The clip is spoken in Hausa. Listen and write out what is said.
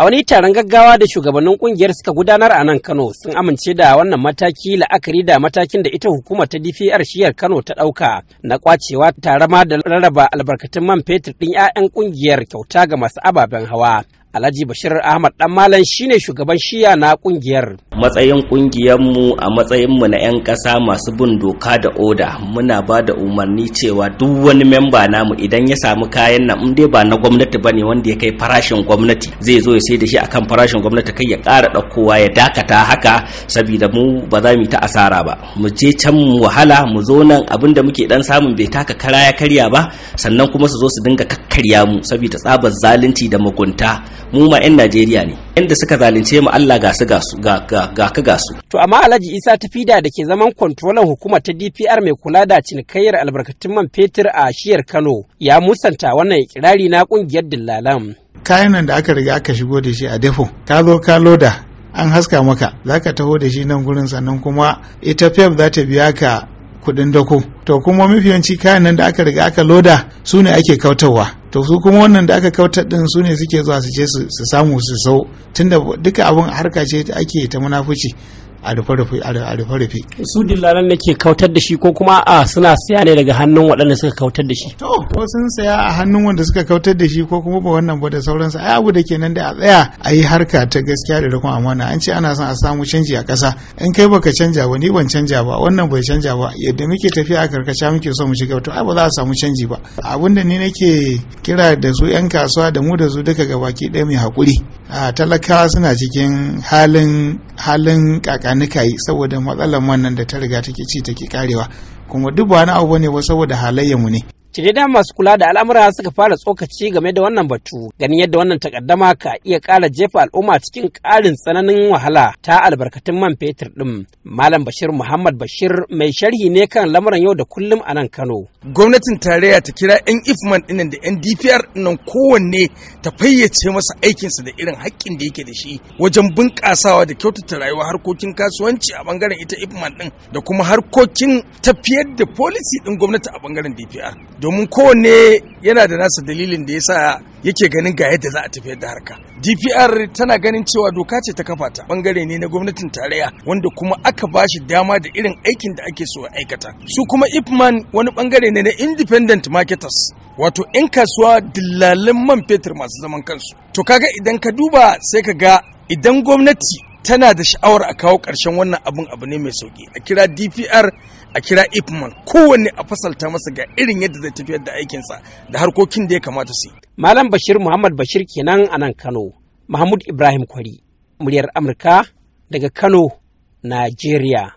a wani taron gaggawa da shugabannin kungiyar suka gudanar a nan kano sun amince da wannan mataki la'akari da matakin da ita hukumar ta dpr shiyar kano ta ɗauka na kwacewa tare ma da rarraba albarkatun man fetur ɗin 'ya'yan kungiyar kyauta ga masu ababen hawa Alhaji Bashir Ahmad Dan Malam shine shugaban shiya na kungiyar. Matsayin mu a matsayin mu na 'yan ƙasa masu bin doka da oda muna ba da umarni cewa duk wani memba namu idan ya samu kayan nan in ba na gwamnati ne, wanda ya kai farashin gwamnati zai zo ya sai da shi akan farashin gwamnati kai ya ƙara ɗaukowa ya dakata haka saboda mu ba za mu ta asara ba mu je can mu wahala mu zo nan abin da muke dan samun bai taka kara ya karya ba sannan kuma su zo su dinga kakkarya mu saboda tsabar zalunci da mugunta mu ma 'yan Najeriya ne yanda suka zalunce mu Allah ga su ga ka ga to amma Alhaji Isa ta Tafida da ke zaman kontrolan hukumar ta DPR mai kula da cinikayyar albarkatun man fetur a shiyar Kano ya musanta wannan kirari na kungiyar dillalan kayan nan da aka riga aka shigo da shi a defo ka zo ka loda an haska maka zaka taho da shi nan gurin sannan kuma ita pep e za ta biya ka kuɗin dako to kuma mafiyanci kayan nan da aka riga aka loda su ne ake kautarwa to su kuma wannan da aka kautar din su ne suke zuwa su je su samu su sau tunda duka abin harka ce ake ta munafuci a rufe-rufe su dillalan ne ke kautar da shi ko kuma a suna siya ne daga hannun waɗanda suka kautar da shi to ko sun saya a hannun wanda suka kautar da shi ko kuma ba wannan ba da sauransu ai abu da ke nan da a tsaya a yi harka ta gaskiya da rikon amana an ce ana son a samu canji a ƙasa in kai baka canja ba ni ban canja ba wannan bai canja ba yadda muke tafiya a karkaca muke so mu shiga to ai ba za a samu canji ba abin da ni nake kira da su 'yan kasuwa da mu da su duka gabaki ɗaya mai haƙuri a talakawa suna cikin halin halin kakanika yi saboda matsalar wannan da ta riga take ci take karewa kuma duk wani abu ne ba saboda mu ne dai dama masu kula da al'amura suka fara tsokaci game da wannan batu, ganin yadda wannan takaddama ka iya kara jefa al'umma cikin ƙarin tsananin wahala ta albarkatun man fetur ɗin. Malam Bashir Muhammad Bashir mai sharhi ne kan lamuran yau da kullum a nan Kano. Gwamnatin tarayya ta kira 'yan ifman ɗinnan da 'yan DPR ɗinnan kowanne ta fayyace masa aikinsa da irin haƙƙin da yake da shi wajen bunƙasawa da kyautata rayuwa harkokin kasuwanci a bangaren ita ifman ɗin da kuma harkokin tafiyar da policy ɗin gwamnati a bangaren DPR. domin kowanne yana da nasa dalilin da ya sa yake ganin ga yadda za a tafi da harka dpr tana ganin cewa doka ce ta kafa ta bangare ne na gwamnatin tarayya wanda kuma aka ba shi dama da irin aikin da ake so a aikata su kuma ipman wani bangare ne na independent marketers wato 'yan kasuwa dillalin man fetur masu zaman kansu to kaga idan ka duba sai ka ga idan gwamnati tana da sha'awar a kawo ƙarshen wannan abin abu ne mai sauki a kira dpr a kira ipman kowanne a fasalta masa ga irin yadda zai tafiyar da aikinsa da harkokin da ya kamata su malam bashir muhammad bashir kenan a nan kano mahmud ibrahim kwari muryar amurka daga kano najeriya